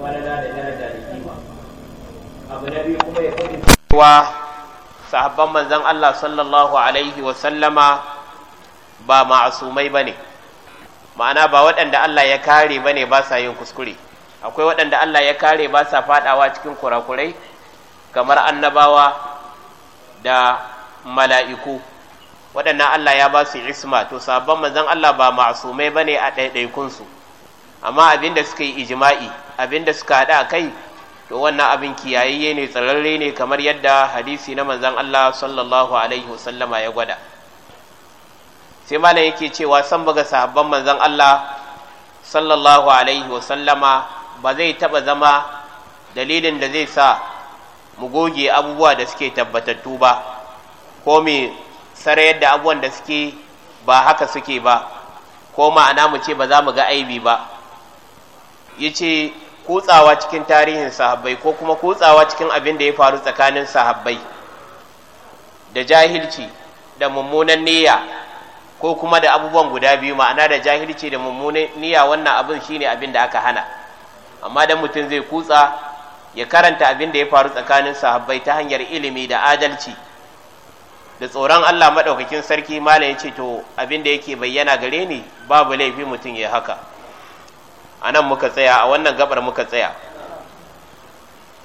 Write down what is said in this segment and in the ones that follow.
falala da daraja da kima abu na biyu kuma ya cewa sahabban manzon Allah sallallahu alaihi wa sallama ba ma'asumai bane ma'ana ba waɗanda Allah ya kare bane ba sa yin kuskure akwai waɗanda Allah ya kare ba sa faɗawa cikin kurakurai kamar annabawa da mala'iku waɗannan Allah ya ba su isma to sahabban manzon Allah ba ma'asumai bane a su. amma abin da suka yi ijima'i abin da suka haɗa kai to wannan abin kiyayayye ne tsararre ne kamar yadda hadisi na manzan Allah sallallahu alaihi wasallama ya gwada sai malam yake cewa san baga sahabban manzan Allah sallallahu alaihi wasallama ba zai taɓa zama dalilin da zai sa mu goge abubuwa da suke tabbatattu ba ko mai sarayar yadda abubuwan da suke ba haka suke ba ko ma'ana mu ce ba za mu ga aibi ba ya ce kutsawa cikin tarihin sahabbai ko kuma kutsawa cikin abin da ya faru tsakanin sahabbai da jahilci da mummunan niyya ko kuma da abubuwan guda biyu ma'ana da jahilci da mummunan niyya wannan abin shine abin da aka hana amma dan mutum zai kutsa ya karanta abin da ya faru tsakanin sahabbai ta hanyar ilimi da adalci da tsoron Allah madaukakin sarki malam ya ce to abin da yake bayyana gare ni babu laifi mutum ya haka a nan muka tsaya a wannan gabar muka tsaya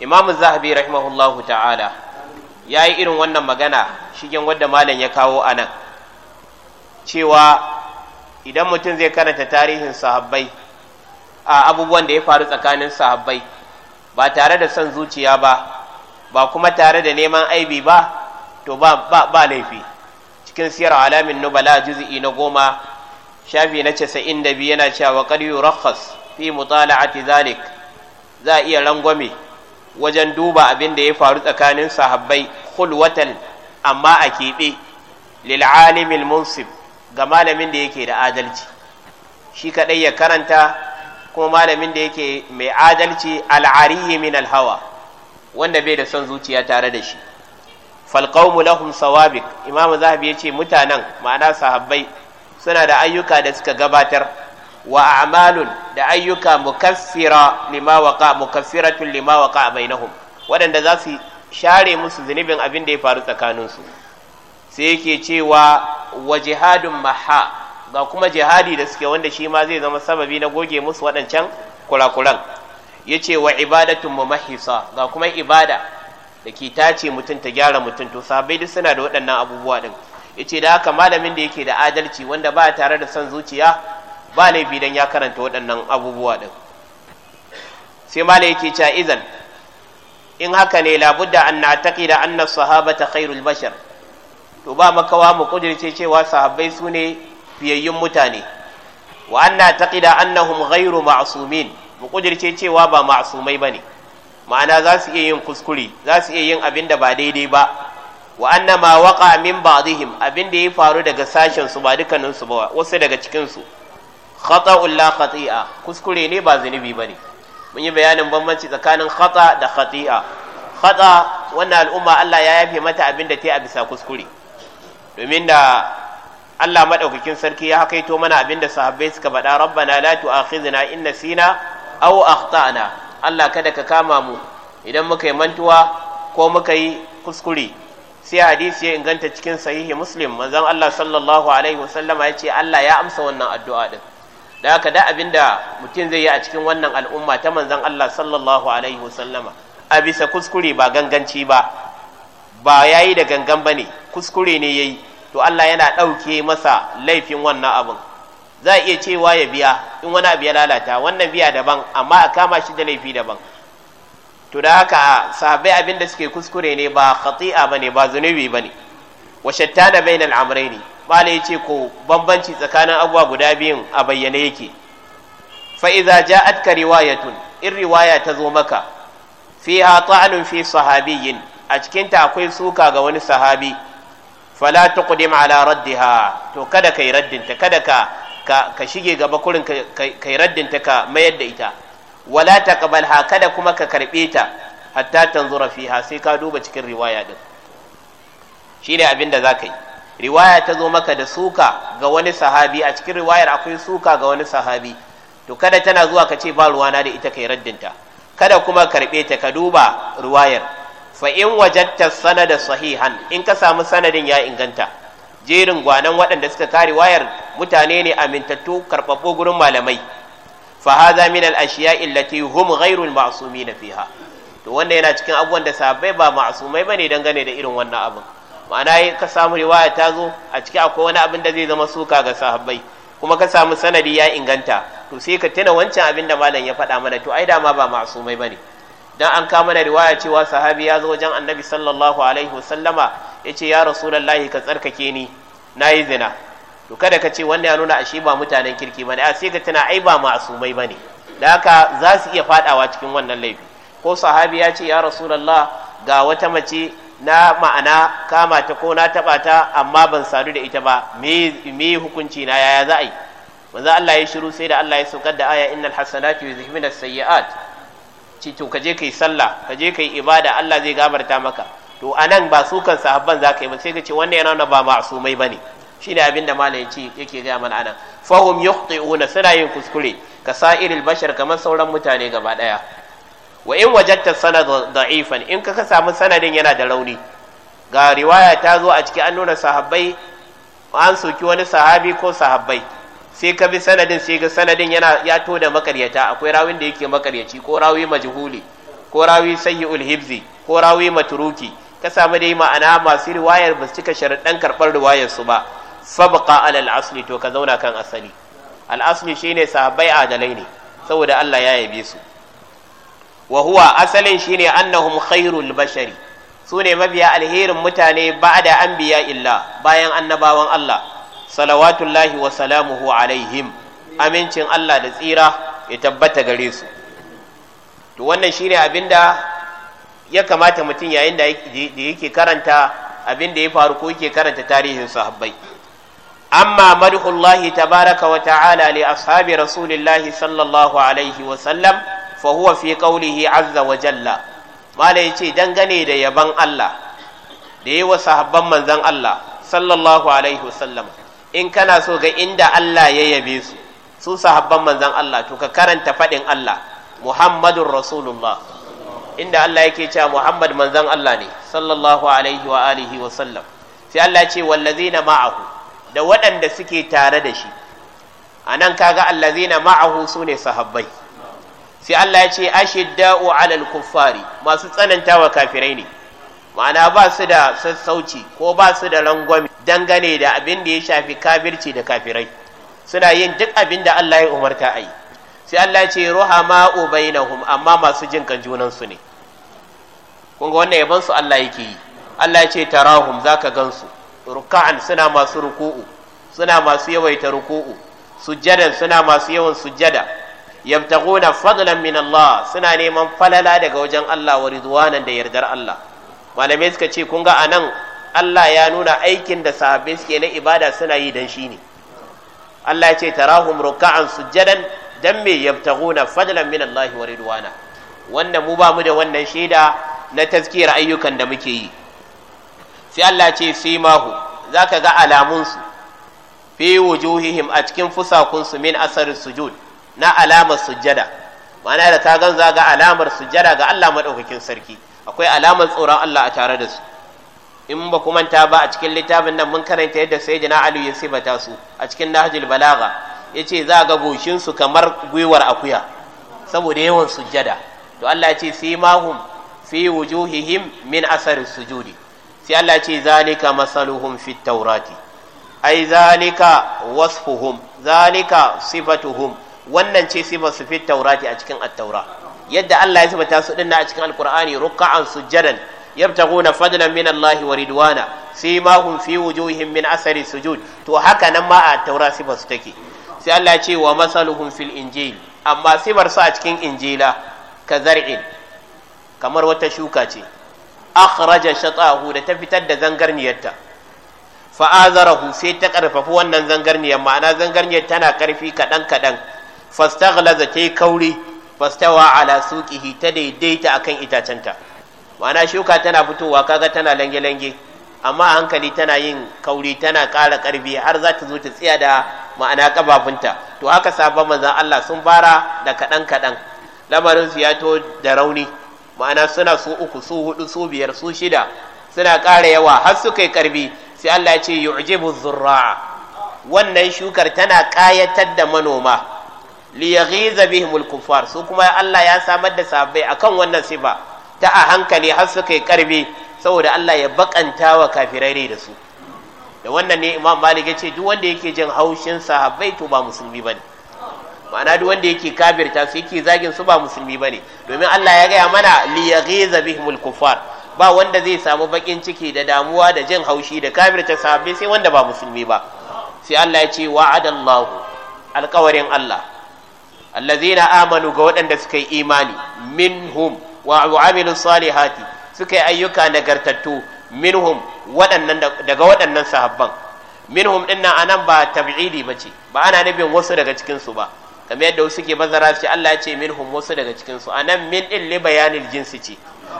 imamu zahabi rahimahullahu ta'ala ya yi irin wannan magana shigen wadda malam ya kawo a nan cewa idan mutum zai karanta tarihin sahabbai a abubuwan da ya faru tsakanin sahabbai ba tare da son zuciya ba ba kuma tare da neman aibi ba to ba, laifi cikin siyar alamin nubala juzi'i na goma shafi na casa'in da biyu yana cewa kar yurakhas fi mutala'ati zalik za a iya rangwame wajen duba abin da ya faru tsakanin sahabbai khulwatan amma a keɓe lil alimil munsib ga malamin da yake da adalci shi kadai ya karanta kuma malamin da yake mai adalci al'ariyi min alhawa wanda bai da son zuciya tare da shi falqawmu lahum sawabik imam zahabi ce mutanen ma'ana sahabbai suna da ayyuka da suka gabatar wa a'malun da ayyuka mukaffira lima waqa mukaffiratun lima waqa bainahum waɗanda za su share musu zunubin abin da ya faru tsakaninsu sai yake cewa wa jihadun maha ga kuma jihadi da suke wanda shi ma zai zama sababi na goge musu waɗancan kurakuran ya ce wa ibadatun mumahisa ga kuma ibada da ke tace mutum ta gyara mutum to sabai duk suna da waɗannan abubuwa ɗin ya ce da haka malamin da yake da adalci wanda ba tare da son zuciya ba laifi dan ya karanta waɗannan abubuwa ɗin sai malai yake cewa Izan. in haka ne labudda an na sahaba ta khairul bashar to ba makawa mu kudirce cewa sahabbai su ne fiyayyun mutane wa an na taƙi da na hum ghairu ma'asumin mu kudirce cewa ba ma'sumai ne. ma'ana za su iya yin kuskure za su iya yin abin da ba daidai ba wa na ma waƙa min ba abin da ya faru daga sashen su ba dukkaninsu ba wasu daga cikinsu. khata la khati'a kuskure ne ba zunubi bane mun yi bayanin bambanci tsakanin khata da khati'a khata wannan al'umma Allah ya yafe mata abin da ta yi a bisa kuskure domin da Allah madaukakin sarki ya hakaito mana abin da sahabbai suka faɗa rabbana la tu'akhidna in nasina aw akhtana Allah kada ka kama mu idan muka yi mantuwa ko muka yi kuskure sai hadisi ya inganta cikin sahihi muslim manzon Allah sallallahu alaihi wasallama ya ce Allah ya amsa wannan addu'a din da haka da abin da mutum zai yi a cikin wannan al'umma ta manzan Allah sallallahu alaihi wasallama a bisa kuskure ba ganganci ba ba ya yi da gangan ba ne, kuskure ne ya yi. to Allah yana ɗauke masa laifin wannan abin za a iya cewa ya biya in wani abu ya lalata wannan biya daban amma a kama shi da laifi daban to da haka sahabai abin da suke kuskure ne ba khati'a bane ba zunubi bane wa shattana bainal amrayni bala ya ce ko bambanci tsakanin abuwa guda biyun a bayyane yake fa'iza ja ka riwayatun in riwaya ta zo maka fiha ta'anun fi sahabi yin. a cikinta akwai suka ga wani sahabi fala ma'ala raddi ha, to kada ka yi raddinta kada ka ka shige gaba kurin kai raddinta ka mayar da ita wala ha, kada kuma ka karbe ta hatta tanzura fiha sai ka duba cikin riwaya din shine abin da zaka yi riwaya ta zo maka da suka ga wani sahabi a cikin riwayar akwai suka ga wani sahabi to kada tana zuwa ka ce ba ruwana da ita kai raddinta kada kuma karbe ta ka duba riwayar fa in wajatta sanada sahihan in ka samu sanadin ya inganta jerin gwanan waɗanda suka kare wayar mutane ne amintattu karɓaɓɓo gurin malamai fa haza min al ashiya allati hum ghayrul ma'sumin fiha to wannan yana cikin abubuwan da sabai ba ma'sumai bane dangane da irin wannan abin ma'ana yi ka samu riwaya ta zo a ciki akwai wani abin da zai zama suka ga sahabbai kuma ka samu sanadi ya inganta to sai ka tuna wancan abin da malam ya faɗa mana to ai dama ba ba bane dan an kama da riwaya cewa sahabi ya zo wajen annabi sallallahu alaihi wasallama yace ya rasulullahi ka tsarkake ni nayi zina to kada ka ce wannan ya nuna ashe ba mutanen kirki bane a sai ka tuna ai ba asumai bane da haka za su iya fadawa cikin wannan laifi ko sahabi ya ce ya rasulullah ga wata mace na ma'ana kama ta ko na taba ta amma ban sadu da ita ba me hukunci na yaya za a yi manzo Allah ya shiru sai da Allah ya saukar da aya innal hasanatu yuzhibuna sayiat ci to kaje kai sallah kaje kai ibada Allah zai gabarta maka to anan ba su kan sahabban za ka yi ba sai ka ce wannan yana nuna ba ma'sumai bane shine abinda malam ya ce yake ga mana anan fahum yuqti'una suna yin kuskure ka sa'iril bashar kamar sauran mutane gaba daya wa in wajatta sanad da'ifan in ka samu sanadin yana da rauni ga riwaya ta zo a ciki an nuna sahabbai an soki wani sahabi ko sahabbai sai ka bi sanadin sai ga sanadin yana ya to da makaryata akwai rawin da yake makaryaci ko rawi majhuli ko rawi sayyul hibzi ko rawi matruki ka samu dai ma'ana masu riwayar ba su cika ɗan karɓar riwayar su ba sabqa alal asli to ka zauna kan asali al asli shine sahabbai adalai ne saboda Allah ya yabe su wa huwa asalin shine annahum khairul bashari su ne mabiya alherin mutane ba'da anbiya illa bayan annabawan Allah salawatullahi wa salamuhu alaihim amincin Allah da tsira ya tabbata gare su to wannan shine abinda ya kamata mutum yayin da yake karanta abinda ya faru ko yake karanta tarihin sahabbai amma madhullahi tabaraka wa ta'ala li ashabi rasulillahi sallallahu alaihi wa sallam fa huwa fi qawlihi azza wa jalla mala yace dangane da yaban Allah da yi wa sahabban manzon Allah sallallahu alaihi wasallam in kana so ga inda Allah ya yabe su su sahabban manzon Allah to ka karanta fadin Allah Muhammadur Rasulullah inda Allah yake cewa Muhammad manzon Allah ne sallallahu alaihi wa alihi wasallam sallam sai Allah ya ce wallazina ma'ahu da waɗanda suke tare da shi anan kaga allazina ma'ahu sune sahabbai sai Allah ya ce ashidda'u 'alal kuffari masu tsanantawa kafirai ne ma'ana ba su da sassauci ko ba su da rangwame dangane da abin da ya shafi kafirci da kafirai suna yin duk abin da Allah ya umarta ai sai Allah ya ce ruhama'u bainahum amma masu jin kan junan su ne kun ga wannan yabansu su Allah yake yi Allah ya ce tarahum zaka gansu ruk'an suna masu ruku'u suna masu yawaita ruku'u sujjadan suna masu yawan sujjada yabtaguna fadlan min Allah suna neman falala daga wajen Allah wa ridwanan da yardar Allah malamai suka ce kun ga anan Allah ya nuna aikin da sahabbai suke na ibada suna yi dan shi ne Allah ya ce tarahum ruk'an sujjadan dan me yabtaguna fadlan min Allah wa ridwana wannan mu ba mu da wannan shaida na tazkiyar ayyukan da muke yi sai Allah ce simahu zaka ga alamunsu fi wujuhihim a cikin fusakunsu min asarin sujud na alamar sujjada ma'ana da ta gan ga alamar sujjada ga Allah maɗaukakin sarki akwai alamar tsoron Allah a tare da su in ba ku manta ba a cikin littafin nan mun karanta yadda sayyidina Ali ya sibata su a cikin Nahjul Balagha yace za ga goshin su kamar gwiwar akuya saboda yawan sujjada to Allah ya ce mahum fi wujuhihim min asari sujudi sai Allah ce zalika masaluhum fi taurati ai zalika wasfuhum zalika sifatuhum wannan ce sifar su fi taurati a cikin attaura yadda Allah ya sifata su dinna a cikin alqur'ani ruk'an sujadan yabtaguna fadlan min Allah wa ridwana simahum fi wujuhihim min asari sujud to haka nan ma a taura sifar su take sai Allah ya ce wa masaluhum fil injil amma sifar su a cikin injila ka zar'in kamar wata shuka ce akhraja shatahu da ta fitar da zangarniyarta fa'azarahu sai ta karfafi wannan zangarniyar ma'ana zangarniyar tana karfi kaɗan kaɗan fastaghlaza tai kauri fastawa ala suqihi ta daidaita akan itacenta ma'ana shuka tana fitowa kaga tana lange-lange amma a hankali tana yin kauri tana ƙara ƙarfi har za ta zo ta tsaya da ma'ana ƙafafunta to haka sabon manzan Allah sun fara da kaɗan kaɗan lamarin su ya to da rauni ma'ana suna su uku su hudu su biyar su shida suna ƙara yawa har suka yi ƙarfi sai Allah ya ce yu'jibu zurra wannan shukar tana ƙayatar da manoma li yaghiza al kuffar su kuma Allah ya samar da sabai akan wannan sifa ta a hankali har su kai karbi saboda Allah ya bakanta wa kafirai da su da wannan ne Imam Malik ya ce duk wanda yake jin haushin sahabbai to ba musulmi bane ma'ana duk wanda yake kafirta su yake zagin su ba musulmi bane domin Allah ya gaya mana li yaghiza al kuffar ba wanda zai samu bakin ciki da damuwa da jin haushi da kafirta sahabbai sai wanda ba musulmi ba sai Allah ya ce wa'adallahu alƙawarin Allah allazina amanu ga waɗanda suka yi imani minhum wa amilu salihati suka yi ayyuka nagartattu minhum waɗannan daga waɗannan sahabban minhum din nan anan ba tab'idi bace ba ana nufin wasu daga cikin su ba kamar yadda suke bazara su Allah ya ce minhum wasu daga cikin su anan min din li bayanil jinsi ce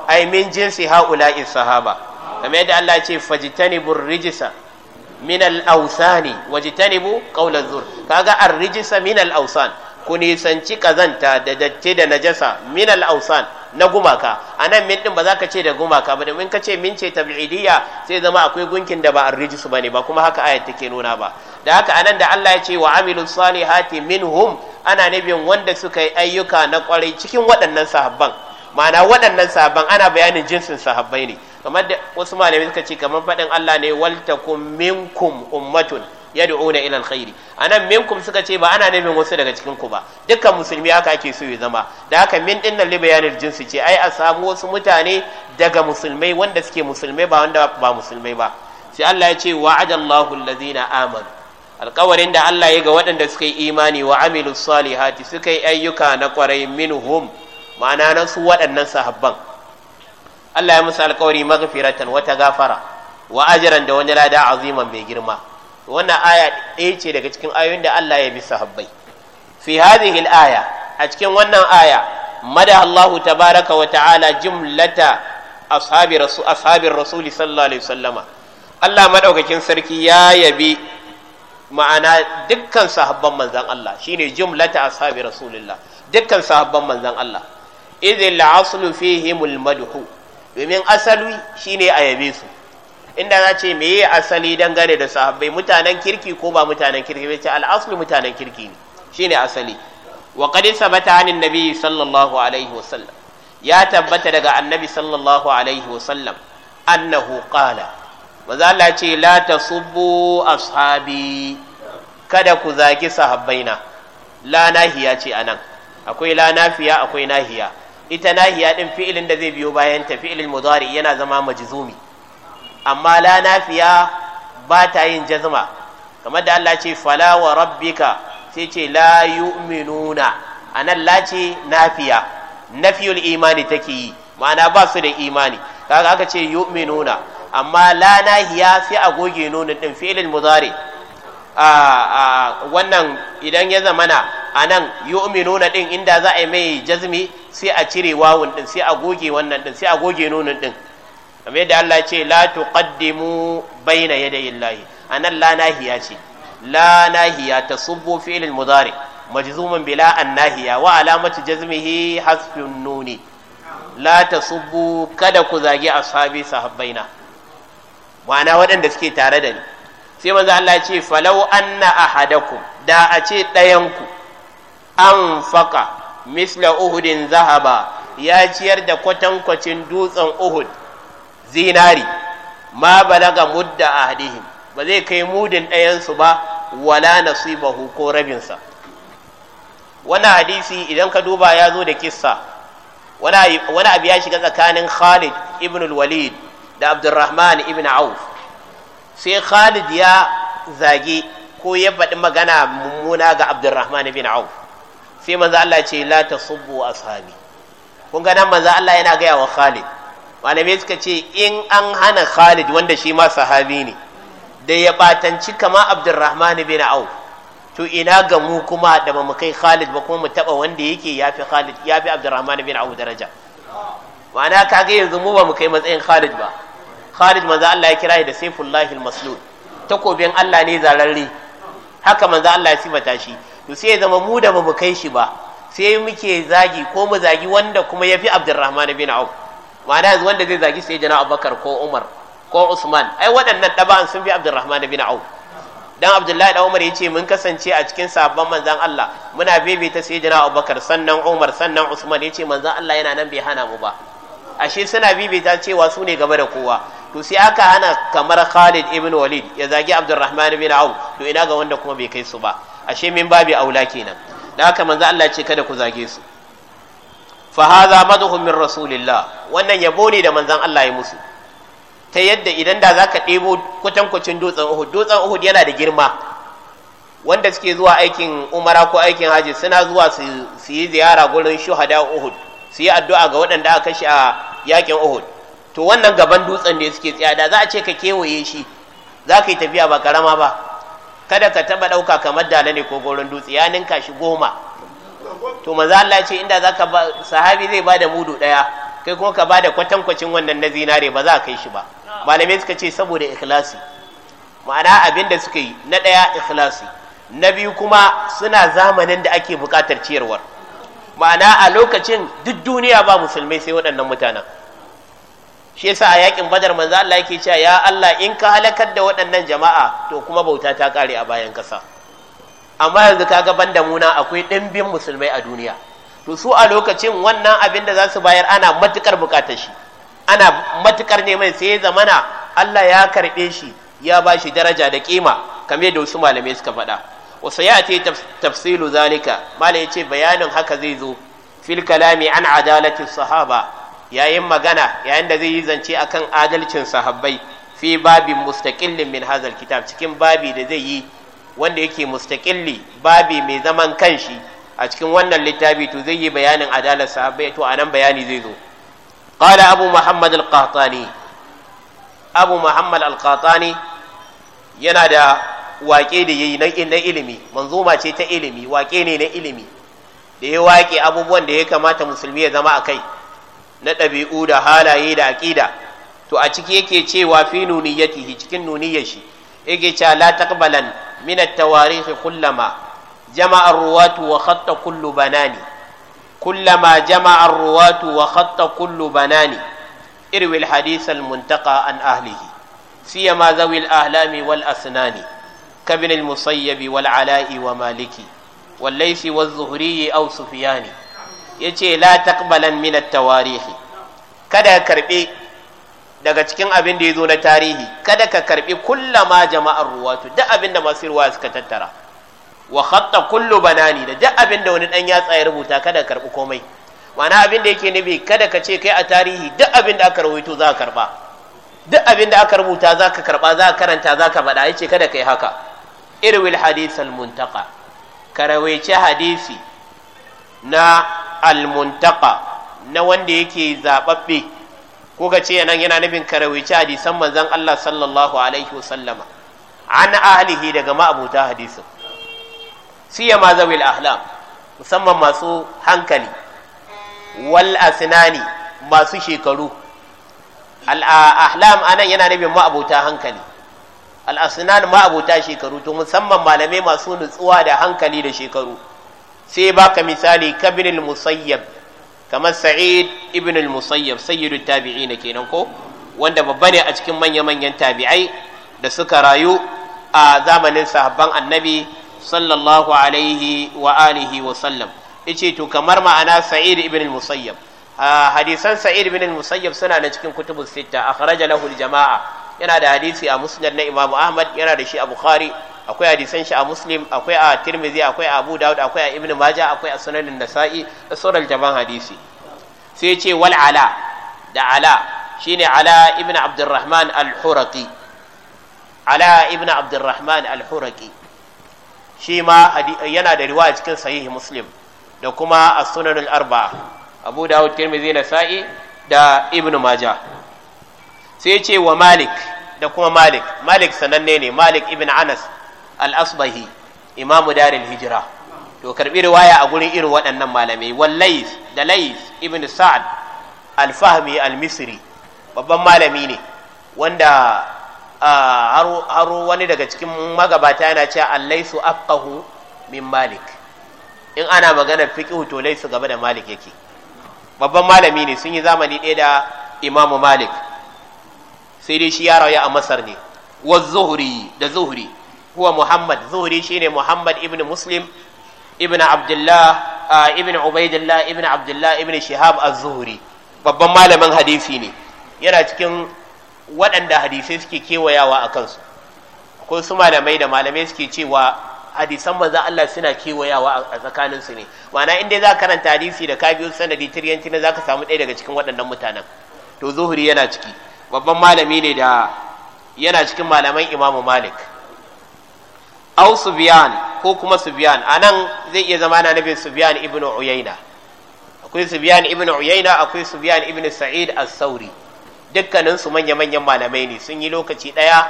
ai min jinsi haula'i sahaba kamar yadda Allah ya ce fajtanibur rijsa min al-awsani wajtanibu qawla zur kaga ar-rijsa min al awsani ku nisanci kazanta da datti da najasa min al-ausan na gumaka anan min din ba za ka ce da gumaka ba domin ka ce min ce tab'idiyya sai zama akwai gunkin da ba ar rijisu bane ba kuma haka ayat take nuna ba da haka anan da Allah ya ce wa amilus salihati minhum ana nabin wanda suka yi ayyuka na kwarai cikin waɗannan sahabban ma'ana waɗannan sahabban ana bayanin jinsin sahabbai ne kamar da wasu malamai suka ce kamar faɗin Allah ne waltakum minkum ummatun yad'una ila alkhairi anan minkum suka ce ba ana nufin wasu daga cikin ku ba dukkan musulmi aka ake so ya zama da haka min din nan bayanin jinsi ce ai a samu wasu mutane daga musulmai wanda suke musulmai ba wanda ba musulmai ba sai Allah ya ce wa'adallahu allazina amanu alkawarin da Allah ya ga waɗanda suka yi imani wa amilus salihati suka yi ayyuka na kwarai minhum ma'ana na su waɗannan sahabban Allah ya musu alkawari maghfiratan wata gafara wa da wani lada aziman mai girma wannan aya ɗaya ce daga cikin ayoyin da Allah ya bi sahabbai fi hadhihi al-aya a cikin wannan aya mada Allah tabaraka wa ta'ala jumlata ashabi rasul rasuli sallallahu alaihi wasallama Allah madaukakin sarki ya yabi ma'ana dukkan sahabban manzan Allah shine jumlata ashabi rasulillah dukkan sahabban manzan Allah idhil aslu fihimul madhu domin asali shine a yabe su inda za ce meye asali dangane da sahabbai mutanen kirki ko ba mutanen kirki bai ce al'aslu mutanen kirki ne shine asali wa qad sabata anin nabi sallallahu alaihi wasallam ya tabbata daga annabi sallallahu alaihi wasallam annahu qala maza Allah ce la tasubbu ashabi kada ku zagi sahabbaina la nahiya ce anan akwai la nafiya akwai nahiya ita nahiya din fi'ilin da zai biyo bayan ta fi'ilin mudari yana zama majzumi amma la nafiya ba ta yin jazma kamar da Allah ce fala wa rabbika sai ce la yu'minuna anan la ce nafiya nafiyul imani take yi ma'ana ba su da imani kaga aka ce yu'minuna amma la nahiya sai a goge nunin din fi'ilin mudari a wannan idan ya zamana anan yu'minuna din inda za a yi mai jazmi sai a cire wawun din sai a goge wannan din sai a goge nunin din kamar yadda Allah ce la tuqaddimu baina yadayi Allah anan la nahiya ce la nahiya tasubbu fi'l mudari majzuman bila an nahiya wa alamati jazmihi hasfun nuni la tasubbu kada ku zagi ashabi sahabbaina ma'ana waɗanda suke tare da ni sai manzo Allah ce falau anna ahadakum da a ce ɗayanku an misla uhudin zahaba ya ciyar da kwatankwacin dutsen uhud zinari ma balaga mudda ahdihim ba zai kai mudin ɗayansu ba wala nasibahu ko rabinsa Wani hadisi idan ka duba ya zo da kissa wani abu ya shiga tsakanin khalid ibn walid da abdurrahman ibn auf sai khalid ya zage ko ya faɗi magana mummuna ga abdurrahman ibn auf sai manzo Allah ce la tasubbu ashabi kun ga nan manzo Allah yana gaya wa khalid malamai suka ce in an hana khalid wanda shi ma sahabi ne da ya batanci kama abdurrahman bin auf to ina ga mu kuma da ba mu kai khalid ba kuma mu taba wanda yake yafi khalid yafi abdurrahman bin auf daraja ma'ana kaga yanzu mu ba mu kai matsayin khalid ba khalid manzo Allah ya kira da sayfullahi almaslul takobin Allah ne zararre haka manzo Allah ya sifata shi to sai ya zama mu da ba mu kai shi ba sai muke zagi ko mu zagi wanda kuma yafi abdurrahman bin auf ma'ana yanzu wanda zai zagi sai jana abubakar ko umar ko usman ai waɗannan ɗaba'an sun bi Abdulrahman bin au dan abdullahi da umar ya ce mun kasance a cikin sabon manzan allah muna bebeta sai jana abubakar sannan umar sannan usman ya ce manzan allah yana nan bai hana mu ba ashe suna bibita cewa su ne gaba da kowa to sai aka hana kamar khalid ibn walid ya zagi Abdulrahman bin au to ina ga wanda kuma bai kai su ba ashe min babi aula kenan da haka manzan allah ce kada ku zage su fa hadha madhum min rasulillah wannan yabo ne da manzon Allah ya musu ta yadda idan da zaka ɗebo kucin dutsen Uhud dutsen Uhud yana da girma wanda suke zuwa aikin umara ko aikin haji suna zuwa su yi ziyara gurin shuhada Uhud su yi addu'a ga waɗanda aka kashe a yakin Uhud to wannan gaban dutsen da suke tsaya da za a ce ka kewaye shi za ka yi tafiya ba karama ba kada ka taɓa ɗauka kamar dalane ne ko gurin dutse ya ninka shi goma to maza Allah ce inda zaka ba sahabi zai bada mudu ɗaya kai kuma ka bada kwatankwacin wannan na zinare ba za a kai shi ba malamai suka ce saboda ikhlasi ma'ana abin da suka yi na ɗaya ikhlasi na biyu kuma suna zamanin da ake bukatar ciyarwar ma'ana a lokacin duk duniya ba musulmai sai waɗannan mutanen shi yasa a yakin badar manzo Allah yake cewa ya Allah in ka halakar da waɗannan jama'a to kuma bauta ta kare a bayan kasa amma yanzu kaga banda muna akwai ɗimbin musulmai a duniya to su a lokacin wannan abin da za su bayar ana matukar bukatar shi ana matukar neman sai ya zamana Allah ya karɓe shi ya ba shi daraja da kima kamar da wasu malamai suka faɗa wasu ya ce tafsilu zalika malam ya ce bayanin haka zai zo fil kalami an adalatin sahaba yayin magana yayin da zai yi zance akan adalcin sahabbai fi babin mustaqillin min hazal kitab cikin babi da zai yi wanda yake mustaƙilli babi mai zaman kanshi a cikin wannan littafi to zai yi bayanin adalar sahabbai to anan bayani zai zo qala abu muhammad al-qahtani abu muhammad al-qahtani yana da waƙe da yayi na ilimi manzuma ce ta ilimi waƙe ne na ilimi da ya waƙe abubuwan da ya kamata musulmi ya zama a kai na ɗabi'u da halaye da aƙida to a ciki yake cewa fi nuniyatihi cikin nuniyar shi igica la taqbalan min at-tawarikh kullama jama ar-ruwatu wa khatta kullu banani kullama jama ar-ruwatu wa khatta kullu banani irwi al-hadith al-muntaqa an ahlihi siyama zawi al-ahlami wal asnani kabin al-musayyib wal ala'i wa maliki wal laysi wal zuhri aw sufyani yace la taqbalan min at-tawarikh kada karbe daga cikin abin da ya zo na tarihi kada ka karbi kullama jama'ar ruwatu duk abin da masu ruwa suka tattara wa khatta kullu banani da duk abin da wani dan ya ya rubuta kada ka karbi komai ma'ana abin da yake nufi kada ka ce kai a tarihi duk abin da aka rawaito za ka karba duk abin da aka rubuta za ka karba za ka karanta za ka faɗa yace kada yi haka irwil hadith al muntaqa ka rawaice hadisi na al muntaqa na wanda yake zababbe ko ga ce nan yana nufin karawici hadisan manzon Allah sallallahu alaihi wasallama an ahlihi daga ma'abuta hadisin siyama zawil ahlam musamman masu hankali wal asnani masu shekaru al ahlam anan yana nufin ma'abuta hankali al asnan ma'abuta shekaru to musamman malamai masu nutsuwa da hankali da shekaru sai baka misali kabirul musayyab kamar sa'id ibn al-musayyab sayyidu tabi'in kenan ko wanda babba ne a cikin manya-manyan tabi'ai da suka rayu a zamanin sahabban annabi sallallahu alaihi wa alihi wa sallam yace to kamar ma'ana sa'id ibn al-musayyab hadisan sa'id ibn al-musayyab suna da cikin kutubus sitta akhraja lahu al-jama'a yana da hadisi a musnad na imamu ahmad yana da shi a bukhari akwai hadisan shi a muslim akwai a tirmidhi akwai a abu daud akwai a ibn maja akwai a sunan nasa'i da sauran jaban hadisi sai ce wal ala da ala shine ala ibn abdurrahman al-huraqi ala ibn abdurrahman al-huraqi shi ma yana da riwaya cikin sahihi muslim da kuma a sunan al-arba'a abu daud tirmidhi nasa'i da ibn maja sai ce wa malik da kuma malik malik sananne ne malik ibn anas al-asbahi imamu Darin hijira to karbi riwaya a gurin irin waɗannan malamai wallais da lais ibn sa'ad al-fahmi al-misri babban malami ne wanda har wani daga cikin magabata yana cewa allaisu afqahu min malik in ana magana fiqh to laisu gaba da malik yake babban malami ne sun yi zamani ɗaya da imamu malik sai dai shi ya rayu a masar ne wa zuhri da zuhri huwa muhammad zuhri shine muhammad ibn muslim ibn abdullah uh, ibn ubaidillah ibn abdullah ibn shihab az-zuhri babban malamin hadisi ne yana cikin waɗanda hadisai suke kewayawa a kansu akwai su malamai da malamai suke cewa hadisan manzan Allah suna kewayawa a tsakaninsu ne ma'ana in dai za ka karanta hadisi da ka biyo sanadi tiryanci ne za ka samu ɗaya daga cikin waɗannan mutanen to zuhuri yana ciki babban malami ne da yana cikin malaman Imam malik au Sufyan ko kuma Sufyan anan zai iya zama na nabin Sufyan ibn Uyayna akwai Sufyan ibn Uyayna akwai Sufyan ibn Sa'id as-Sauri dukkanin su manya-manyan malamai ne sun yi lokaci daya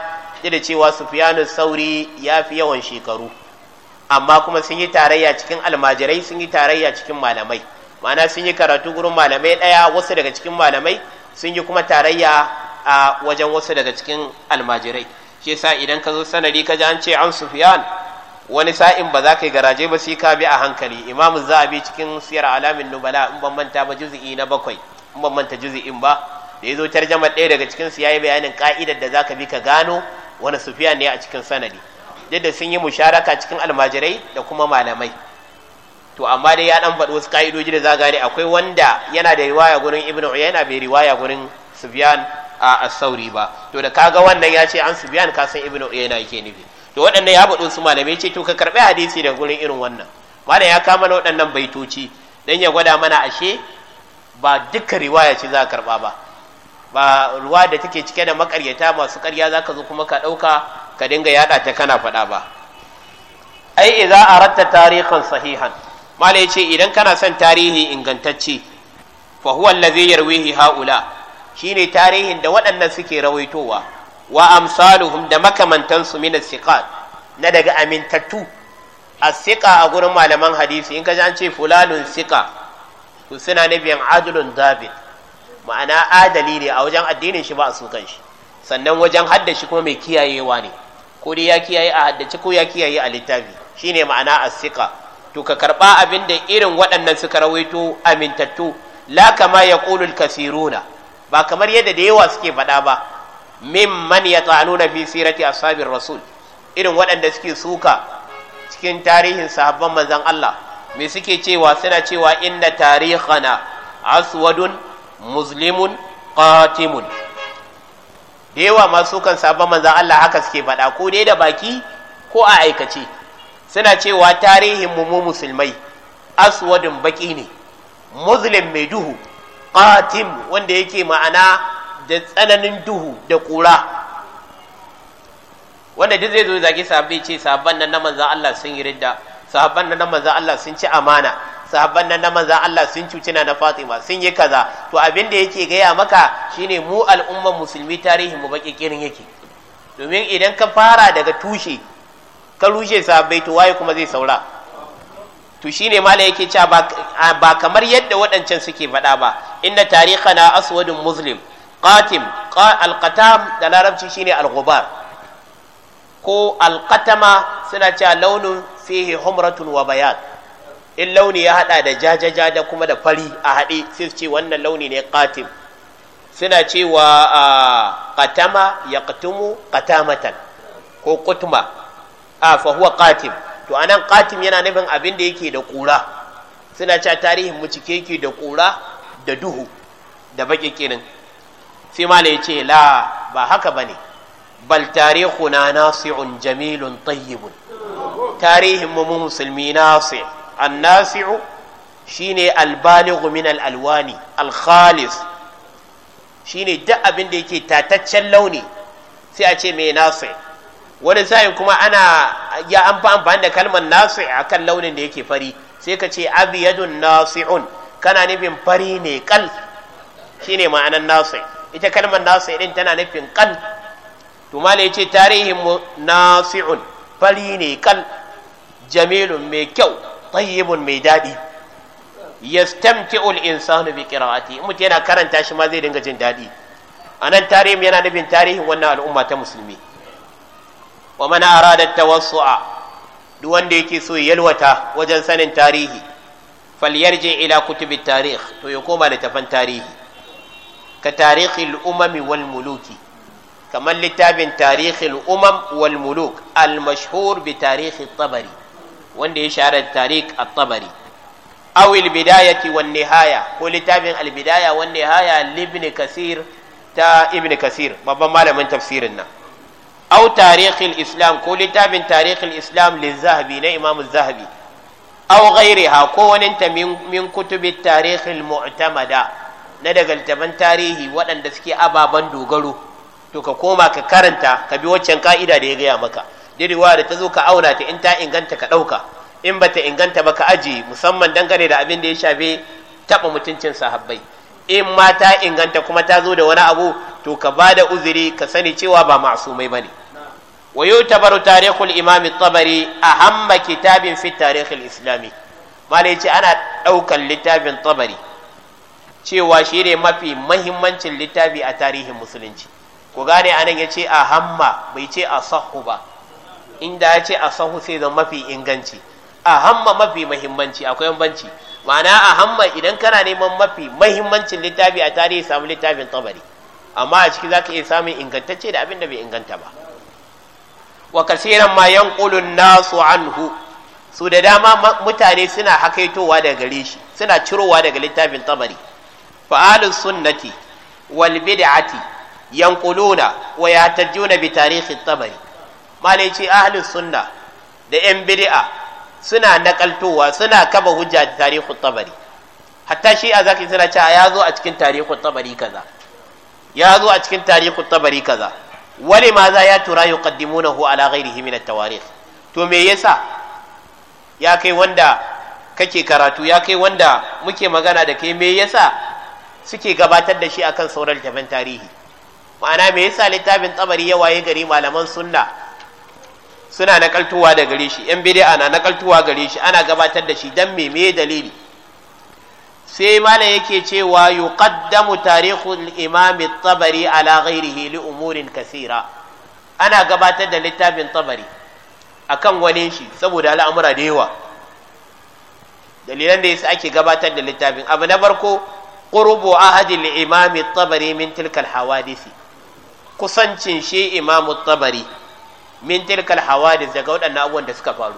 da cewa Sufyan sauri ya fi yawan shekaru amma kuma sun yi tarayya cikin almajirai sun yi tarayya cikin malamai ma'ana sun yi karatu gurin malamai daya wasu daga cikin malamai sun yi kuma tarayya a wajen wasu daga cikin almajirai shi yasa idan ka zo sanadi ka ji an ce an sufiyan wani sa'in ba za ka yi garaje ba sai ka bi a hankali imamu bi cikin siyar alamin nubala in ban manta ba juz'i na bakwai in ban manta juz'in ba da ya zo tarjama ɗaya daga cikin su yayi bayanin ka'idar da zaka bi ka gano wani sufiyan ne a cikin sanadi yadda sun yi musharaka cikin almajirai da kuma malamai to amma dai ya dan faɗi wasu ka'idoji da za gane akwai wanda yana da riwaya gurin ibnu uyayna bai riwaya gurin sufiyan a sauri ba to da kaga wannan ya ce an sufiyan ka san ibnu uyayna yake nufi to waɗannan ya baɗo su malamai ce to ka karɓi hadisi da gurin irin wannan malam ya kama na waɗannan baitoci dan ya gwada mana ashe ba dukkan riwaya ce za ka karɓa ba ba ruwa da take cike da makaryata masu ƙarya za ka zo kuma ka ɗauka ka dinga yaɗa ta kana faɗa ba ai idza aratta tarihan sahihan malam ya ce idan kana son tarihi ingantacce fa huwa allazi yarwihi haula Shi ne tarihin da waɗannan suke rawaitowa wa amsaluhum da makamantansu min siqat na daga amintattu as-siqa a gurin malaman hadisi in ka ji an ce fulanun siqa to suna nabiyan adlun david ma'ana adali ne a wajen addinin shi ba a sukan shi sannan wajen haddashi kuma mai kiyayewa ne ko dai ya kiyaye a haddace ko ya kiyaye a littafi shine ma'ana as-siqa to ka karba abin da irin waɗannan suka rawaito amintattu la kama ƙulul kasiruna ba kamar yadda da yawa suke faɗa ba min man ya ta'anuna fi sirati ashabir rasul irin waɗanda suke suka cikin tarihin sahabban manzon Allah me suke cewa suna cewa inna tarihana aswadun muslimun qatimun da yawa masu kan sahabban manzon Allah haka suke faɗa ko dai da baki ko a aikace suna cewa tarihin mu mu musulmai aswadun baki ne muslim mai duhu qatim wanda yake ma'ana da tsananin duhu da ƙura wanda duk zai zo zage sahabbai ce sahabban nan na manzan Allah sun yi ridda sahabban nan na manzan Allah sun ci amana sahabban nan na manzan Allah sun cuci na Fatima sun yi kaza to abin da yake gaya maka shine mu al'ummar musulmi tarihin mu baki kirin yake domin idan ka fara daga tushe ka rushe sahabbai to waye kuma zai saura to shine mala yake cewa ba kamar yadda waɗancan suke faɗa ba inna na aswadun muslim qatim alqatam da larabci shine algubar ko alqatama suna cewa launin fihi humratun wa bayan in launi ya haɗa da jajaja da kuma da fari a haɗe sai ce wannan launi ne qatim suna cewa qatama yaqtumu qatamatan ko qutma a fa huwa qatim to anan katim yana nufin abin da yake da kura suna cewa tarihin mu cike yake da kura da duhu da baki kinin sai mala yace la ba haka bane bal tarihuna nasi'un jamilun tayyibun tarihin mu musulmi nasi an shine albalighu min al-alwani al-khalis shine duk abin da yake tataccen launi sai a ce mai Nasir. wani sa'in kuma ana ya an fa amfani da kalmar nasi kan launin da yake fari sai ka ce abiyadun nasi'un kana nufin fari ne kal shine ma'anar nasi ita kalmar nasi din tana nufin kal to ma ce tarihin mu nasi'un fari ne kal jamilun mai kyau tayyibun mai daɗi yastamti'ul al-insanu bi qira'ati mutum yana karanta shi ma zai dinga jin daɗi anan tarihin yana nufin tarihin wannan al'umma ta musulmi wa a arada tawassu'a duk wanda yake so yalwata wajen sanin tarihi falyarji ila kutubin tarih to ya koma littafan tarihi ka tarihil umami wal muluki kamar littafin tarihil umam wal muluk al bi tarihi tabari wanda ya share tarih a tabari aw bidayati wan nihaya ko littafin albidaya bidaya wan nihaya libni kasir ta ibn kasir babban malamin tafsirin nan au tarikhil islam ko littafin tarikhil islam lizahabi na imamu zahabi au ghairiha ko wani ta min kutubi tarikhil mu'tamada na daga littafan tarihi waɗanda suke ababen dogaro to ka koma ka karanta ka bi waccan ka'ida da ya gaya maka diriwa da ta zo ka auna ta in ta inganta ka ɗauka in bata inganta ba ka ajiye, musamman dangane da abin da ya shafe taɓa mutuncin sahabbai in ma ta inganta kuma ta zo da wani abu to ka ba da uzuri ka sani cewa ba masumai ba ne wayo tabaru tarihul imami tabari a hamma kitabin fi tarihul islami malai ce ana ɗaukan littafin tabari cewa shi ne mafi mahimmancin littafi a tarihin musulunci ku gane anan ya ce a hamma bai ce a sahu ba inda ya ce a sahu sai zan mafi inganci a hamma mafi mahimmanci akwai banci ma'ana a hamma idan kana neman mafi mahimmancin littafi a tarihi samu littafin tabari amma a ciki za ka iya samun ingantacce da abin da bai inganta ba wa kasiran ma yanqulun nasu anhu su da dama mutane suna hakaitowa daga gare shi suna cirowa daga littafin tabari fa'alus sunnati wal bid'ati yanquluna wa yatajuna bi tarihi tabari malai ce ahlus sunna da yan bid'a suna nakaltowa suna kaba hujja da tarihin tabari hatta shi a zaki suna cewa ya zo a cikin tarihin tabari kaza ya zo a cikin tarihin tabari kaza wani ma za ya tura yi qaddimunahu ala ghairihi min at-tawarikh to me yasa ya kai wanda kake karatu ya kai wanda muke magana da kai me yasa suke gabatar da shi akan sauran littafin tarihi ma'ana me yasa littafin tabari ya waye gari malaman sunna suna nakaltuwa da gare shi yan bid'a na nakaltuwa gare shi ana gabatar da shi dan me me dalili sai malam yake cewa yuqaddamu tarihul imam at-tabari ala ghairihi li umurin kaseera ana gabatar da littafin tabari akan wani shi saboda al'amura da yawa dalilan da yasa ake gabatar da littafin abu na farko qurbu ahadi li imam at-tabari min tilka al-hawadisi kusancin shi imam at-tabari min tilkal hawadis daga waɗannan abubuwan da suka faru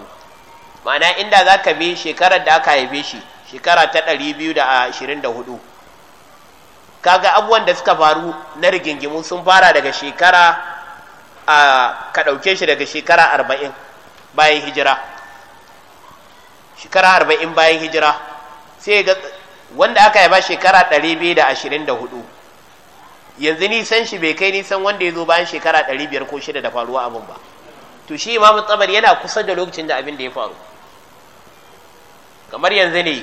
ma'ana inda za ka bi shekarar da aka haife shi shekara ta 224 kaga abubuwan da suka faru na rigingimu sun fara daga shekara a ka ɗauke shi daga shekara 40 bayan hijira shekara 40 bayan hijira sai ga wanda aka yaba shekara 224 yanzu nisan shi bai kai nisan wanda ya zo bayan shekara 500 ko shida da faruwa abin ba to shi imamu tsabar yana kusa da lokacin da abin da ya faru kamar yanzu ne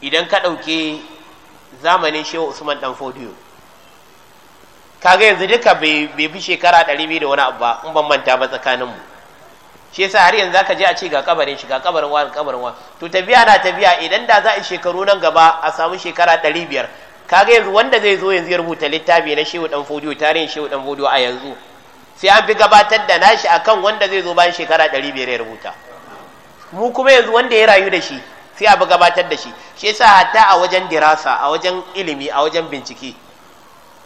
idan ka ɗauke zamanin shehu usman dan fodiyo kaga yanzu duka bai fi shekara 200 da wani abu ba in ban manta ba tsakaninmu shi yasa har yanzu ka je a ce ga kabarin shi ga kabarin wani kabarin wani to tafiya na tafiya idan da za a shekaru nan gaba a samu shekara 500 kaga yanzu wanda zai zo yanzu ya rubuta littafi na shehu dan fodiyo tarihin shehu dan fodiyo a yanzu sai an fi gabatar da nashi akan wanda zai zo bayan shekara 500 ya rubuta mu kuma yanzu wanda ya rayu da shi sai a fi gabatar da shi shi yasa hatta a wajen dirasa a wajen ilimi a wajen bincike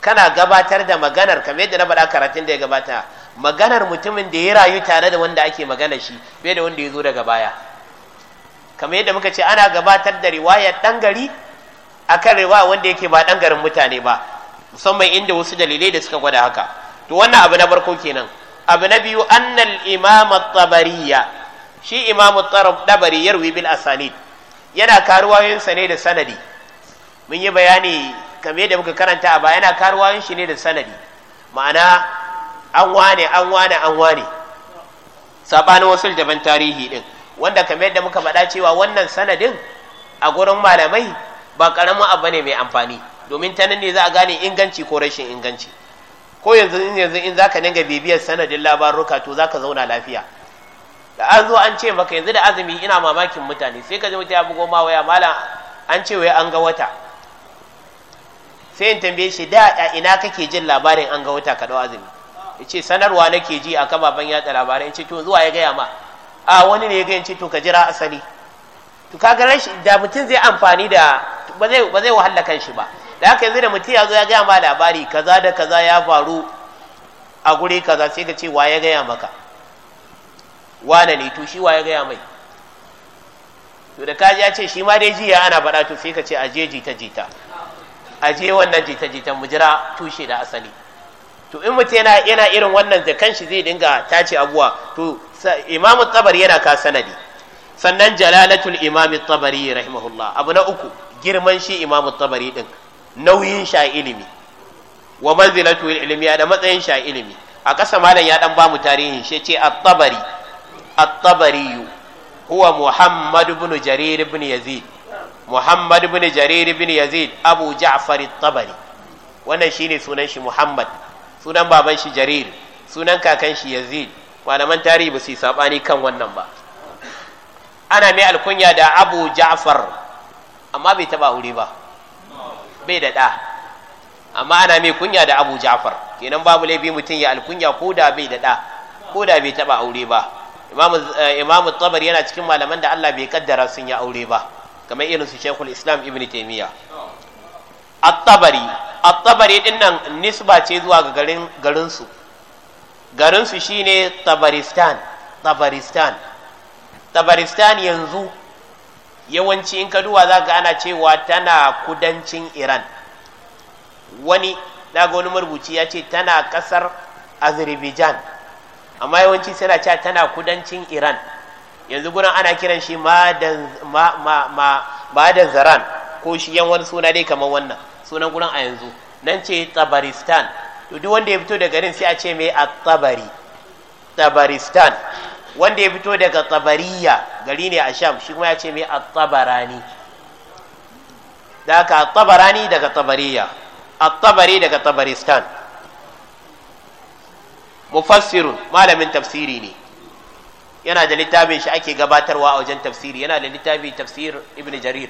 kana gabatar da maganar kamar yadda na faɗa karatun da ya gabata maganar mutumin da ya rayu tare da wanda ake magana shi bai da wanda ya zo daga baya kamar yadda muka ce ana gabatar da riwayar ɗan gari akan riwaya wanda yake ba dan garin mutane ba musamman inda wasu dalilai da suka gwada haka to wannan abu na barko kenan abu na biyu annal imam at-tabariya shi imam at-tabari yarwi bil asanid yana karuwayin sa ne da sanadi mun yi bayani kamar yadda muka karanta a baya yana karuwayin shi ne da sanadi ma'ana an wane an wane an wane sabanin wasu daban tarihi din wanda kamar yadda muka faɗa cewa wannan sanadin a gurin malamai ba karamin abu ne mai amfani domin ta nan ne za a gane inganci ko rashin inganci ko yanzu in yanzu in zaka dinga bibiyar sanadin labaruka to zaka zauna lafiya da an zo an ce maka yanzu da azumi ina mamakin mutane sai ka ji mutum ya bugo ma waya malam an ce wai an ga wata sai in tambaye shi da ina kake jin labarin an ga wata ka dau azumi yace sanarwa nake ji a kababan yatsa labarai yace to zuwa ya gaya ma a wani ne ya gaya yace to ka jira asali to kaga rashin da mutum zai amfani da ba zai wahala kan shi ba da haka yanzu da mutum ya zo ya gaya ma labari kaza da kaza ya faru a guri kaza sai ka ce wa ya gaya maka wane ne to shi wa ya gaya mai to da kaji ya ce shi ma dai jiya ana faɗa to sai ka ce aje jita jita aje wannan jita jita mu jira tushe da asali to in mutum yana yana irin wannan da kanshi zai dinga tace abuwa to imamu tabari yana ka sanadi sannan jalalatul imamu tabari rahimahullah abu na uku girman shi imamu tabari din nauyin sha ilimi wa manzilatu ilimi da matsayin sha ilimi a ƙasa malam ya dan bamu tarihin shi ce at-tabari at-tabari huwa muhammad ibn jarir ibn yazid muhammad ibn jarir ibn yazid abu ja'far at-tabari wannan shine sunan shi muhammad sunan baban shi jarir sunan kakan shi yazid malaman tarihi ba su yi sabani kan wannan ba ana mai alkunya da abu ja'far amma bai taba aure ba bai da da amma ana mai kunya da abu ja'far kenan babu laifi mutum ya alkunya ko da bai da da ko da bai taba aure ba imam eh, tabari yana cikin malaman da Allah bai kaddara sun ya aure ba kamar irin su shekul islam ibn taimiyya at-tabari at-tabari din nan nisba ce zuwa ga garin garinsu garinsu shine tabaristan tabaristan tabaristan yanzu yawanci in ka za ga ana cewa tana kudancin iran wani daga wani marubuci ya ce tana kasar azerbaijan amma yawanci suna cewa tana kudancin iran yanzu gurin ana kiran shi ma'adan zaran ko shi yan wani suna dai kamar wannan sunan gurin a yanzu nan ce tabaristan duk wanda ya fito da garin sai a ce mai a tabari tabaristan wanda ya fito daga tabariya gari ne a sham shi kuma ya ce mai at-tabarani da haka tabarani daga tabariya at-tabari daga tabaristan mufassirun malamin tafsiri ne yana da littafin shi ake gabatarwa a wajen tafsiri yana da littafi tafsir ibn jarir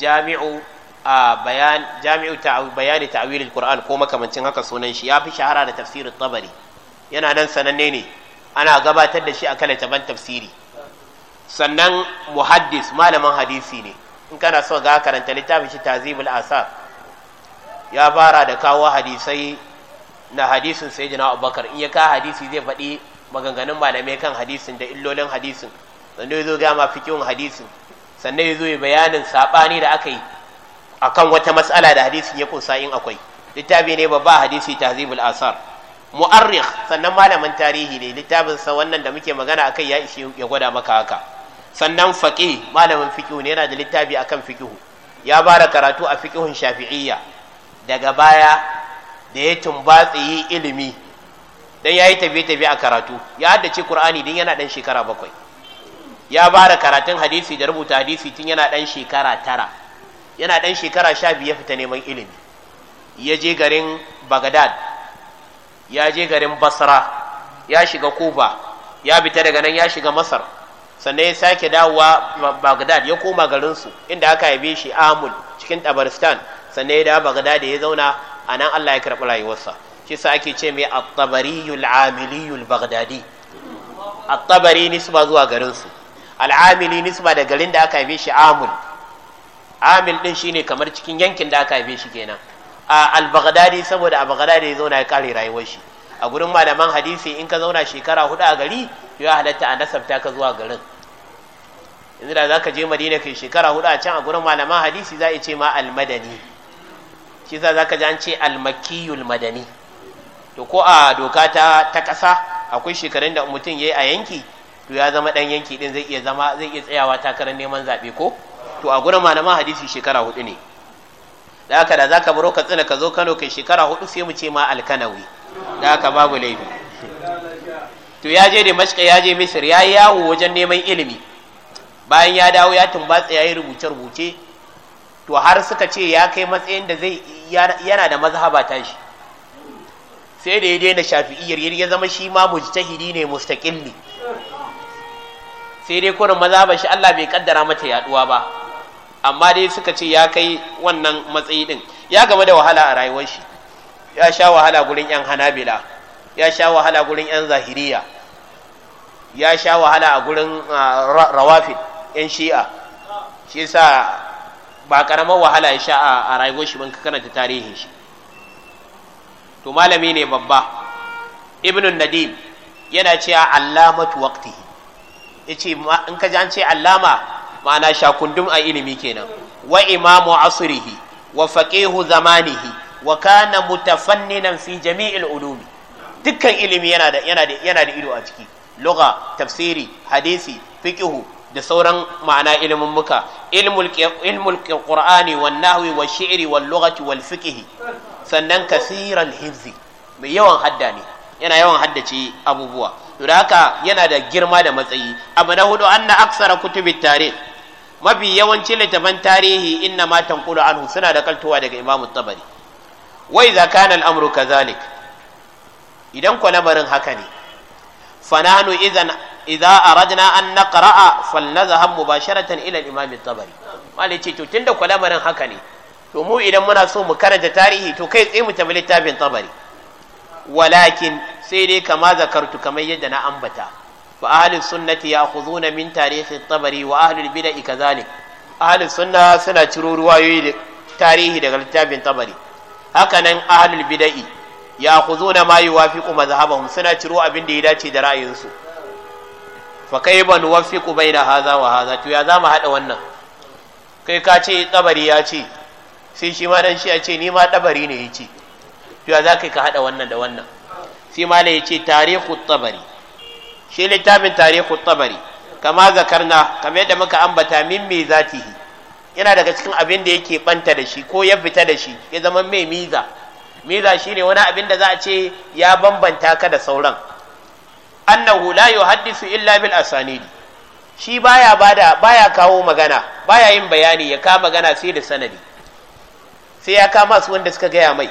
jami'u a bayan jami'u bayani quran ko makamancin haka sunan shi ya fi shahara da tafsirin tabari yana nan sananne ne ana gabatar da shi a kan taban tafsiri sannan muhaddis malamin hadisi ne in kana so ga karanta littafin shi tazibul asar ya fara da kawo hadisai na hadisin sayyidina abubakar in ya ka hadisi zai faɗi maganganun malamai kan hadisin da illolin hadisin sannan ya zo ga ma fikihun hadisin sannan ya zo ya bayanin saɓani da aka yi akan wata matsala da hadisin ya kusa in akwai littafi ne babba hadisi tahzibul asar mu'arrikh sannan malamin tarihi ne littafin sa wannan da muke magana akai ya ishe ya gwada maka haka sannan faqih malamin fiqh ne yana da littafi akan fiqh ya bara karatu a fiqhun shafi'iyya daga baya da ya tumbatsi yi ilimi dan yayi tafiye tafiye a karatu ya haddace qur'ani din yana dan shekara bakwai ya bara karatun hadisi da rubuta hadisi tun yana dan shekara tara yana dan shekara sha biyu ya fita neman ilimi ya je garin bagdad ya je garin basra ya shiga kufa ya fita daga nan ya shiga masar sannan ya sake dawowa bagdad ya koma garinsu inda aka haife shi amul cikin tabaristan sannan ya dawo bagdad ya zauna a nan allah ya karɓi rayuwarsa shi sa ake ce mai at-tabariyul bagdadi at-tabari nisba zuwa garinsu al-amili nisba da garin da aka haife shi amul amil din shine kamar cikin yankin da aka haife shi kenan al-baghdadi saboda a baghdadi ya zauna ya kare rayuwar shi a gurin malaman hadisi in ka zauna shekara hudu a gari ya halatta a nasabta ka zuwa garin yanzu da zaka je madina kai shekara hudu a can a gurin malaman hadisi za a ce ma al-madani shi za zaka ji an ce al-makkiyul madani to ko a doka ta ta kasa akwai shekarun da mutum yayi a yanki to ya zama dan yanki din zai iya zama zai iya tsayawa takarar neman zabe ko to a gurin malaman hadisi shekara hudu ne da aka da zaka baro ka tsina ka zo Kano kai shekara hudu sai mu ce ma alkanawi da aka babu laifi to ya je da mashka ya je Misir ya yi yawo wajen neman ilimi bayan ya dawo ya tumbatsa ya yi rubuce rubuce to har suka ce ya kai matsayin da zai yana da mazhaba tashi sai da ya daina shafi'iyyar ya zama shi ma mujtahidi ne mustaqilli sai dai maza ba shi Allah bai kaddara mata yaduwa ba amma dai suka ce ya kai wannan matsayi din ya game da wahala a rayuwar shi ya sha wahala gurin yan hanabila ya sha wahala gurin yan zahiriya ya sha wahala a gurin Rawafin, yan shi'a shi sa ba karamar wahala ya sha a rayuwar shi ban ta tarihin shi to malami ne babba Ibn nadim yana cewa allamatu ya ce in ka an ce allama ma'ana shakundum a ilimi kenan wa imamu asrihi wa faqihu zamanihi wa kana mutafanninan fi jami'il ulumi dukkan ilimi yana da yana da yana da ido a ciki lugha tafsiri hadisi fiqhu da sauran ma'ana ilimin muka ilmul ilmul qur'ani wan nahwi wash shi'ri wal lughati wal fiqhi sannan kasiran hifzi mai yawan hadda ne yana yawan haddace abubuwa to haka yana da girma da matsayi abu na hudu anna aksara kutubit tarikh mafi yawancin littafan tarihi inna ma tanqulu anhu suna da kaltowa daga imamu tabari wa idza kana al-amru kadhalik idan ko lamarin haka ne fananu idan idza aradna an naqra'a falnazhab mubasharatan ila al-imam tabari mali ce to tunda ko lamarin haka ne to mu idan muna so mu karanta tarihi to kai tsaye mu tafi littafin tabari walakin sai dai kama zakartu kamar yadda na ambata fa ahlus sunnati ya'khudhuna min tarihi at-tabari wa ahlul bid'i kadhalik ahlus sunna suna ciro ruwayoyi da tarihi daga littafin tabari haka nan ahlul bid'i ya'khudhuna ma yuwafiqu madhhabahum suna ciro abin da ya dace da ra'ayinsu fa kayfa nuwaffiqu baina hadha wa hadha to ya zama hada wannan kai ka ce tabari ya ce sai shi ma dan shi ya ce ni ma tabari ne ya ce to ya za ka hada wannan da wannan sai ma ya ce tarihu tabari shi littafin tarihu tabari kama zakarna kama yadda muka ambata min me zatihi yana daga cikin abin da yake banta da shi ko ya fita da shi ya zama mai miza miza shi ne wani abin da za a ce ya bambanta ka da sauran annahu la yuhaddisu illa bil asanidi shi baya bada baya kawo magana baya yin bayani ya ka magana sai da sanadi sai ya kama su wanda suka gaya mai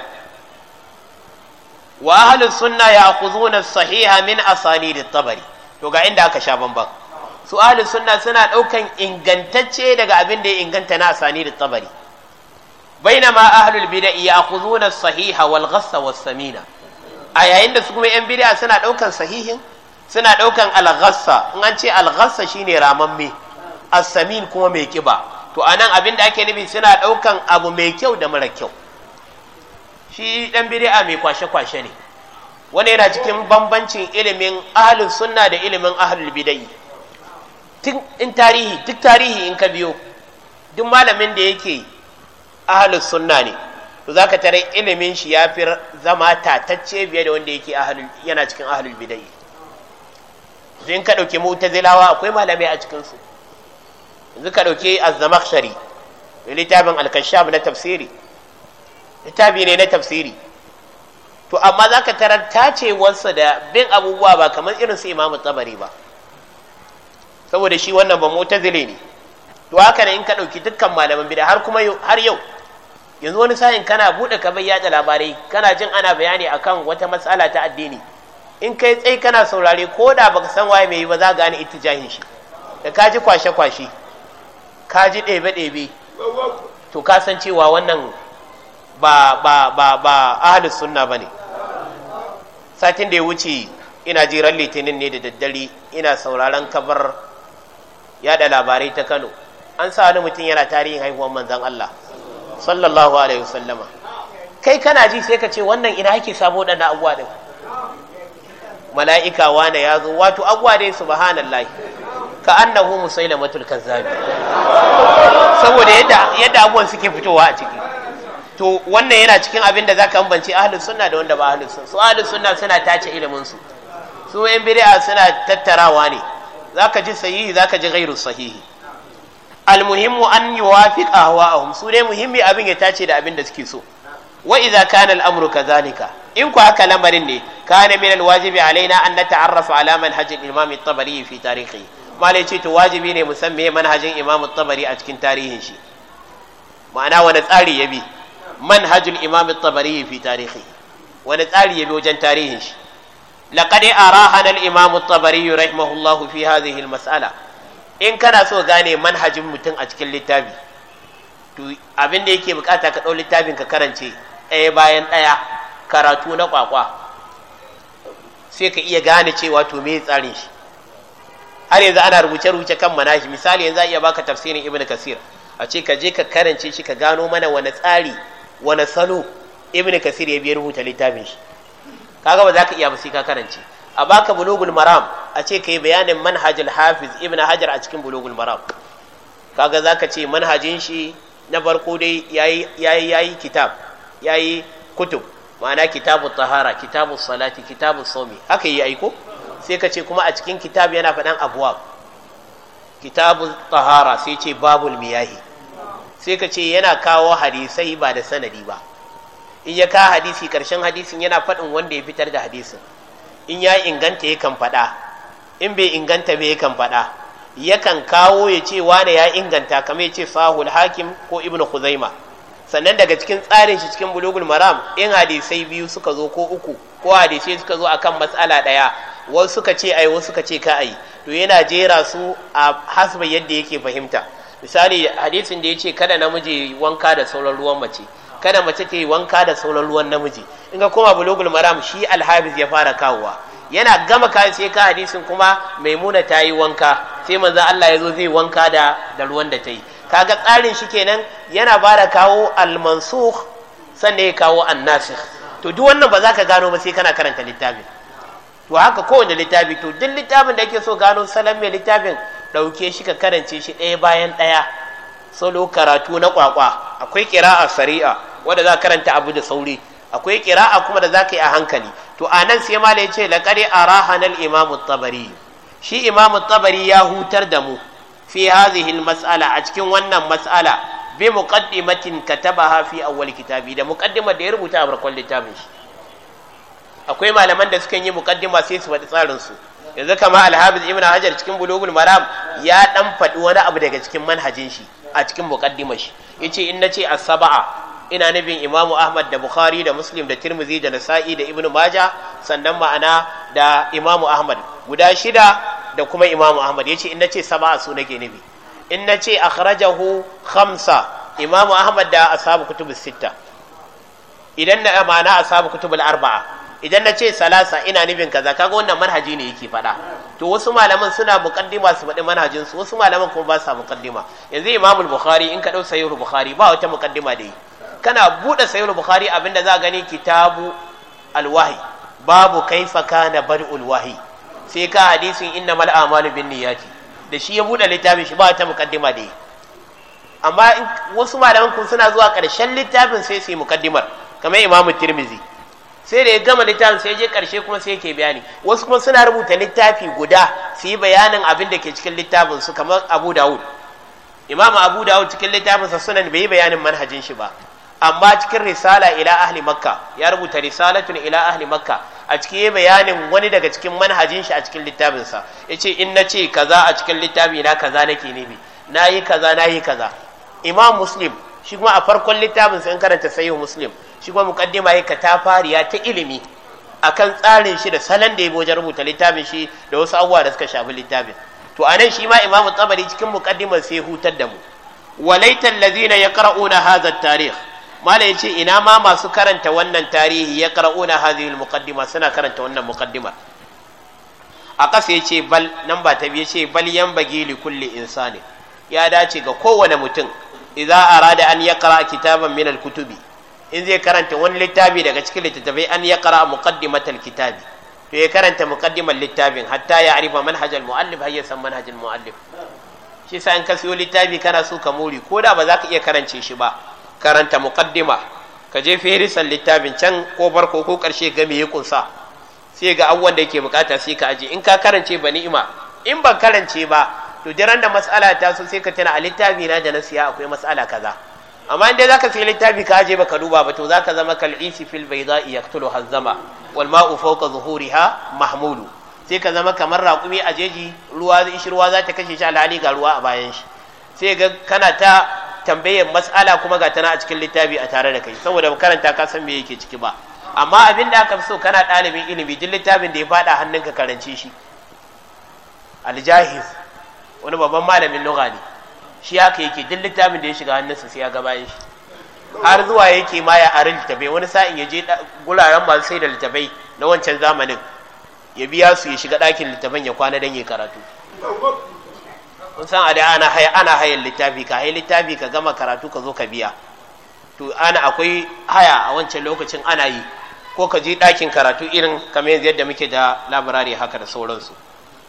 wa ahlus sunna ya'khudhuna sahiha min asanid at-tabari to ga inda aka sha bamban su ahlus sunna suna daukan ingantacce daga abin da ya inganta na asanid at-tabari bainama ahlul bid'i ya'khudhuna sahiha wal ghassa was samina a yayin da su kuma yan bid'a suna daukan sahihin suna daukan al-ghassa in an ce al-ghassa shine ramamme as-samin kuma mai kiba to anan abin da ake nufi suna daukan abu mai kyau da mara kyau shi ɗan bid'a mai kwashe-kwashe ne wani yana cikin bambancin ilimin ahalin sunna da ilimin ahlul bidai in tarihi duk tarihi in ka biyo duk malamin da yake ahalin sunna ne to ka tare ilimin shi ya fi zama tatacce biye da wanda yake yana cikin ahlul bidai in ka ta zilawa akwai malamai a cikinsu. su yanzu ka dauke az littafin al na tafsiri littafi ne na tafsiri to amma za ka tarar tacewarsa da bin abubuwa ba kamar irin su imamu tsabari ba saboda shi wannan ba mota zile ne to haka ne in ka ɗauki dukkan malaman bida har kuma har yau yanzu wani sa'in kana buɗe bai yada labarai kana jin ana bayani akan wata matsala ta addini in kai tsaye kana saurare ko da baka san waye mai yi ba za gane ittijahin shi da ka ji kwashe-kwashe ka ji ɗebe-ɗebe to ka san cewa wannan ba ba ba ba ahlus sunna bane satin da ya wuce ina jiran litinin ne da daddare ina sauraron kabar yada labarai ta Kano an sa wani mutum yana tarihin haihuwar manzon Allah sallallahu alaihi wasallama kai kana ji sai ka ce wannan ina ake samu na abuwa din mala'ika wane ya zo wato abuwa dai subhanallahi ka annahu musailamatul kazzabi saboda yadda yadda abuwan suke fitowa a ciki to wannan yana cikin abin da zaka ambance ahlus sunna da wanda ba ahlus sunna su ahlus sunna suna tace ilimin su su yan bid'a suna tattarawa ne zaka ji sahihi zaka ji ghairu sahihi almuhimmu an yuwafiq ahwa'ahum su ne muhimmi abin ya tace da abin da suke so wa idza kana al-amru kadhalika in ku haka lamarin ne kana min al-wajibi alaina an nata'arrafa ala manhaj al-imam at-tabari fi tarihi malai ce to wajibi ne musamman manhajin imam at-tabari a cikin tarihin shi ma'ana wani tsari ya bi manhajul imam at-tabari fi tarihi wani tsari ya bi wajen tarihin shi laqad arahana al-imam at-tabari rahimahullahu fi hadhihi al-mas'ala in kana so gane manhajin mutum a cikin littafi to abin da yake bukata ka dau littafin ka karance ɗaya bayan ɗaya karatu na kwakwa sai ka iya gane cewa to me tsarin shi har yanzu ana rubuce-rubuce kan manaji misali yanzu a iya baka tafsirin ibn kasir a ce ka je ka karance shi ka gano mana wani tsari wani salo ibn kasir ya biya rubuta littafin shi kaga ba za ka iya ba sai ka karance a baka bulugul maram a ce ka yi bayanin manhajul hafiz ibn hajar a cikin bulugul maram kaga za ka ce manhajin shi na farko dai ya yi kitab ya yi kutub ma'ana kitabu tahara kitabu salati kitabu somi haka yi aiko sai ka ce kuma a cikin kitab yana faɗan abuwa kitabu tahara sai ce babul miyahi sai ka ce yana kawo hadisai ba da sanadi ba in ya ka hadisi karshen hadisin yana faɗin wanda ya fitar da hadisin in ya inganta ya kan faɗa in bai inganta bai kan faɗa yakan kawo ya ce wane ya inganta kamar ya ce sahul hakim ko ibnu khuzaima sannan daga cikin tsarin shi cikin bulugul maram in hadisai biyu suka zo ko uku ko hadisai suka zo akan matsala ɗaya wasu suka ce ai wasu suka ce ka ai to yana jera su a hasba yadda yake fahimta misali hadisin da ya ce kada namiji wanka da sauran ruwan mace kada mace ta yi wanka da sauran ruwan namiji in ga koma bulugul maram shi alhabiz ya fara kawowa yana gama kayan sai ka hadisin kuma maimuna ta yi wanka sai manzo Allah ya zo zai wanka da da ruwan da ta yi kaga tsarin shi kenan yana fara kawo almansukh sannan ya kawo annasikh to duk wannan ba za ka gano ba sai kana karanta littafin to haka kowane littafi to duk littafin da ake so gano salon mai littafin ɗauke shi ka karance shi ɗaya bayan ɗaya salo karatu na kwakwa akwai kira'a sari'a wanda za karanta abu da sauri akwai kira'a kuma da za ka yi a hankali to a nan sai mala ya ce laƙari a rahanar imamu tabari shi imamu tabari ya hutar da mu fi hazihin mas'ala a cikin wannan mas'ala bi muqaddimatin hafi fi awwal kitabi da muqaddimar da ya rubuta a barkon littafin shi akwai malaman da suka yi muqaddima sai su faɗi tsarin su yanzu kama Alhamis ibn hajar cikin bulugul maram ya dan faɗi wani abu daga cikin manhajin shi a cikin muqaddimar shi yace in nace as-sab'a ina nabin imamu ahmad da bukhari da muslim da tirmidhi da nasa'i da ibn majah sannan ma'ana da imamu ahmad guda shida da kuma imamu ahmad yace in nace sab'a su nake nabi in nace akhrajahu khamsa imamu ahmad da ashabu kutubus sitta idan na ma'ana ashabu kutubul arba'a idan na ce salasa ina nufin kaza kaga wannan manhaji ne yake faɗa to wasu malaman suna muqaddima su faɗi manhajin su wasu malaman kuma ba sa muqaddima yanzu imamul bukhari in ka dau sayyidul bukhari ba wata muqaddima da yi kana bude sayyidul bukhari abinda za gani kitabu alwahi babu kaifa kana bad'ul wahi sai ka hadisin innamal a'malu binniyati da shi ya bude littafin shi ba wata muqaddima da yi amma wasu malaman kun suna zuwa ƙarshen littafin sai su yi muqaddimar kamar imamu tirmizi sai da ya gama littafin sai je karshe kuma sai yake bayani wasu kuma suna rubuta littafi guda su yi bayanin abin da ke cikin littafin su kamar abu dawud imam abu dawud cikin littafinsa sunan bai yi bayanin manhajin shi ba amma cikin risala ila ahli makka ya rubuta risalatun ila ahli makka a cikin bayanin wani daga cikin manhajin shi a cikin littafinsa ya ce in na ce kaza a cikin littafi na kaza nake ne na yi kaza nayi kaza imam muslim shi kuma a farkon littafinsa in karanta Sayyid muslim shi kuma mukaddima yake ta fariya ta ilimi akan tsarin shi da salon da ya wajen rubuta littafin shi da wasu abubuwa da suka shafi littafin to anan shi ma imamu tsabari cikin mukaddimar sai hutar da mu walaitan lazina ya qara'una hadha tarikh mala yace ina ma masu karanta wannan tarihi ya qara'una hadhihi muqaddima suna karanta wannan muqaddima a kasa yace bal nan ba ta biye ce bal yanbaghi li kulli insani ya dace ga kowane mutum idza arada an yaqra kitaban min al-kutubi in zai karanta wani littafi daga cikin littattafai an ya kara muqaddimatal kitabi to ya karanta muqaddimar littafin hatta ya arifa manhajar muallif har ya san manhajal muallif shi sa in ka siyo littafi kana so ka muri ko da ba za ka iya karance shi ba karanta muqaddima ka je ferisan littafin can ko barko ko karshe ga me ya kunsa sai ga abubuwan da yake bukata sai ka aje in ka karance ba ni'ima in ban karance ba to jiran da mas'ala ta so sai ka tana a littafi na da na siya akwai mas'ala kaza amma inda zaka sai littafi ka je baka duba ba to zaka zama kal isi fil bayda yaqtulu hazama wal ma'u fawqa zuhuriha mahmulu sai ka zama kamar raƙumi a jeji ruwa shi ruwa za ta kashe shi alhali ga ruwa a bayan shi sai ga kana ta tambayar mas'ala kuma ga tana a cikin littafi a tare da kai saboda karanta ka san me yake ciki ba amma abin da aka fi so kana ɗalibin ilimi duk littafin da ya faɗa hannunka karance shi aljahiz wani babban malamin lugha ne shi haka yake duk littafin da ya shiga hannunsa sai ya ga bayan shi har zuwa yake ma ya arin littafai wani sa'in ya je guraren masu sai da littafai na wancan zamanin ya biya su ya shiga ɗakin littafin ya kwana don ya karatu kun san a da ana haya hayan littafi ka hayi littafi ka gama karatu ka zo ka biya to ana akwai haya a wancan lokacin ana yi ko ka je ɗakin karatu irin kamar yadda muke da laburare haka da sauransu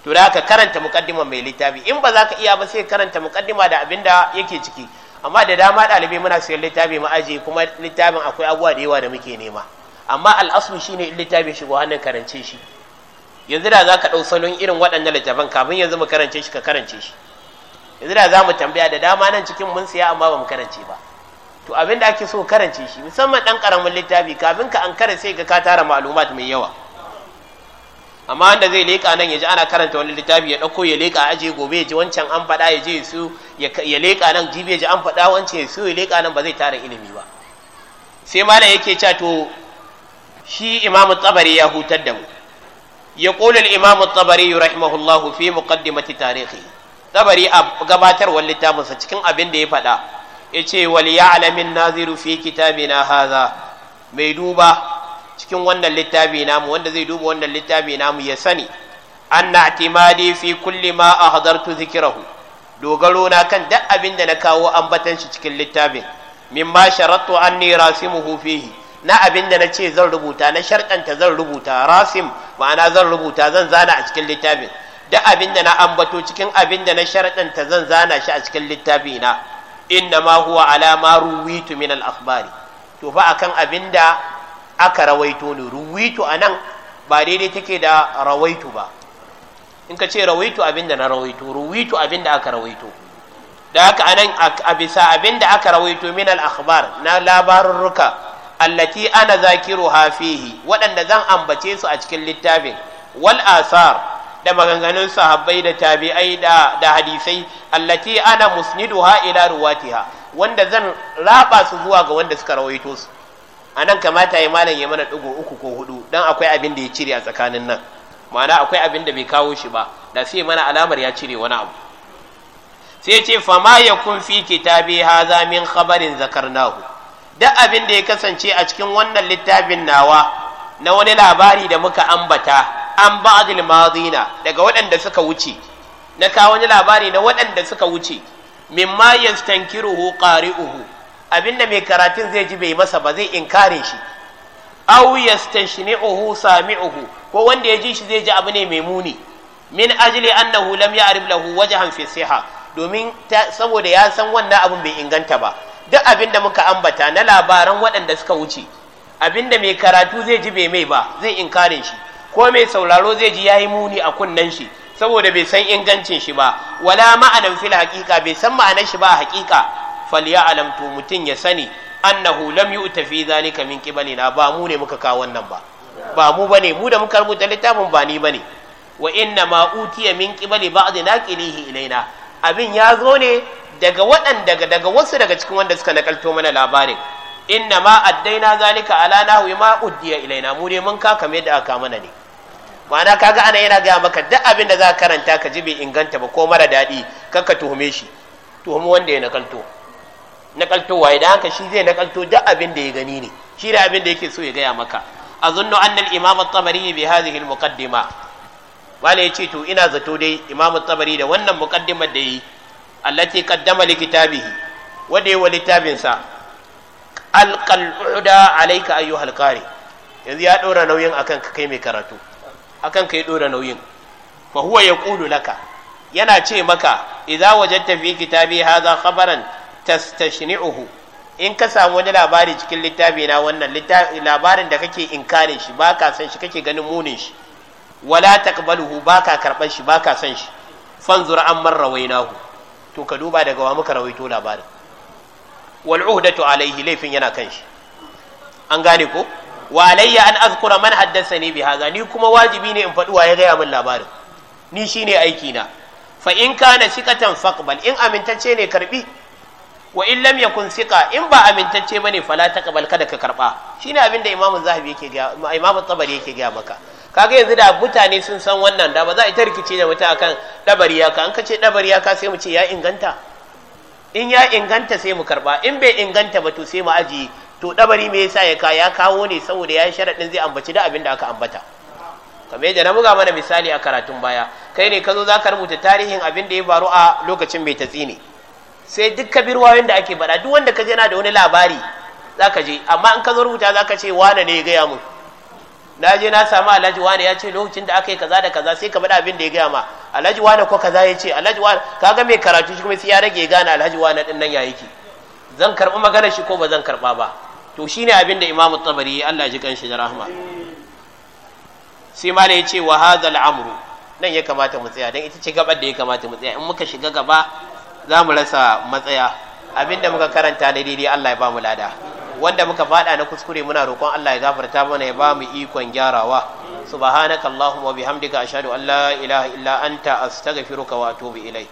to da ka karanta mukaddima mai littafi in ba za ka iya ba sai karanta mukaddima da abin da yake ciki amma da dama ɗalibai muna sayar littafi mu aje kuma littafin akwai abuwa da yawa da muke nema amma al'asu shine in littafi shigo hannun karance shi yanzu da za ka ɗau salon irin waɗannan littafan kafin yanzu mu karance shi ka karance shi yanzu da za mu tambaya da dama nan cikin mun siya amma ba mu karance ba to abin da ake so karance shi musamman ɗan ƙaramin littafi kafin ka an kare sai ka ka tara ma'lumat mai yawa amma wanda zai leƙa nan ya ji ana karanta wani littafi ya ɗauko ya leƙa aje gobe ya ji wancan an faɗa ya je su ya leƙa nan jibi ya ji an faɗa wancan ya su ya leƙa nan ba zai tara ilimi ba sai malam yake cewa to shi imamu tsabari ya hutar da mu ya ƙulul imamu tsabari yi rahimahullahu fi muqaddimati tarihi tsabari a wani littafinsa cikin abin da ya faɗa ya ce wal ya'lamin naziru fi kitabina haza mai duba cikin wannan littafi namu wanda zai duba wannan littafi namu ya sani anna i'timadi fi kulli ma ahdartu zikrahu dogaro na kan duk abin da na kawo ambatan shi cikin littafin mimma sharattu anni rasimuhu fihi na abin da na ce zan rubuta na sharɗanta zan rubuta rasim ma'ana zan rubuta zan zana a cikin littafin duk abin da na ambato cikin abin da na sharɗanta zan zana shi a cikin littafi na inna ma huwa ala ma ruwitu min al akhbari to fa akan abin da aka rawaito ne ruwitu a nan ba daidai take da rawaitu ba in ka ce rawaitu abinda na rawaito ruwitu abinda aka rawaito da haka anan a bisa abinda aka rawaito min al-akhbar na labarurruka allati ana Zakiru fihi waɗanda zan ambace su a cikin littafin wal asar da maganganun sahabbai da tabi'ai da hadisai allati ana musniduha ila ruwatiha wanda zan raba su zuwa ga wanda suka rawaito su a nan kamata ya malam ya mana ɗigo uku ko hudu don akwai abin da ya cire a tsakanin nan ma'ana akwai abin da bai kawo shi ba da sai mana alamar ya cire wani abu sai ce fama ya kun fi kitabi haza min khabarin Nahu. duk abin da ya kasance a cikin wannan littafin nawa na wani labari da muka ambata an ba'dil madina daga waɗanda suka wuce na kawo wani labari na waɗanda suka wuce min mimma yastankiruhu qari'uhu Abin da mai karatun zai ji bai masa ba zai inkare shi au yastashni'uhu sami'uhu ko wanda ya ji shi zai ji abu ne mai muni min ajli annahu lam ya'rif lahu wajhan fi siha domin saboda ya san wannan abin bai inganta ba duk abin da muka ambata na labaran waɗanda suka wuce abin da mai karatu zai ji bai mai ba zai inkare shi ko mai sauraro zai ji yayi muni a kunnen shi saboda bai san ingancin shi ba wala ma'anan fil haqiqa bai san ma'anar shi ba a haqiqa فليعلم mutum ya sani. annahu lam yu'ta fi zalika min qibalina ba mu ne muka kawo wannan ba ba mu bane mu da muka rubuta littafin ba ni bane wa inna ma utiya min qibali ba'd naqilihi ilaina abin ya zo ne daga wadan daga wasu daga cikin wanda suka nakalto mana labarin inna ma addaina zalika ala nahwi ma uddiya ilaina mu ne mun ka kame da aka mana ne ma'ana kaga ana yana gaya maka duk abin da za ka karanta ka ji bai inganta ba ko mara daɗi kakka tuhume shi tuhumi wanda ya nakalto nakaltowa idan haka shi zai nakalto duk abin da ya gani ne shi da abin da yake so ya gaya maka a zunnu al-imam at-tabari bi hadhihi al-muqaddima wala yace to ina zato dai imam at-tabari da wannan muqaddimar da yi allati qaddama li kitabihi wanda yayi littafin sa alqal uda alayka ayyuhal qari yanzu ya dora nauyin akan ka kai mai karatu akan ka dora nauyin fa huwa yaqulu laka yana ce maka idza wajadta fi kitabi hadha khabaran تستشنعه in ka samu wani labari cikin littafi na wannan labarin da kake inkarin shi ba ka san shi kake ganin munin shi wala taqbaluhu ba ka karɓar shi ba ka san shi fanzur an man to ka duba daga wa muka rawaito labarin wal uhdatu alaihi laifin yana kan shi an gane ko wa alayya an azkura man haddathani bi hadha ni kuma wajibi ne in faɗi wa ya gaya min labarin ni shine aiki na fa in kana sikatan faqbal in amintacce ne karbi wa in lam yakun thiqa in ba amintacce bane fala taqbal kada ka karba shine abin da imamu zahabi yake ga imamu tabari yake ga maka kaga yanzu da mutane sun san wannan da ba za a ita rikici da mutum akan dabari ka an kace dabari ka sai mu ce ya inganta in ya inganta sai mu karba in bai inganta ba to sai mu aji to dabari me yasa ya ka ya kawo ne saboda ya sharadin zai ambaci da abin da aka ambata kamar da na buga mana misali a karatun baya kai ne ka zo za ka rubuta tarihin abin da ya faru a lokacin mai tatsi ne sai duk kabir yadda da ake bada duk wanda ka je na da wani labari ka je amma in ka zo rubuta ka ce wane ne ya gaya mun na je na samu alhaji wane ya ce lokacin da aka yi kaza da kaza sai ka faɗa abin da ya gaya ma alhaji wane ko kaza ya ce alhaji wane kaga mai karatu shi kuma sai ya rage gane alhaji wane din nan ya yake zan karɓi maganar shi ko ba zan karɓa ba to shine abin da imamu tabari Allah ji kanshi da rahma sai malai ya ce wa hadha amru nan ya kamata mu tsaya dan ita ce gabar da ya kamata mu tsaya in muka shiga gaba za mu rasa matsaya abinda muka karanta da daidai Allah ya ba mu lada wanda muka faɗa na kuskure muna roƙon Allah ya gafarta mana ya ba mu ikon gyarawa subhanakallahumma bihamdika ashhadu an la ilaha illa anta astaghfiruka wa atubu ilaik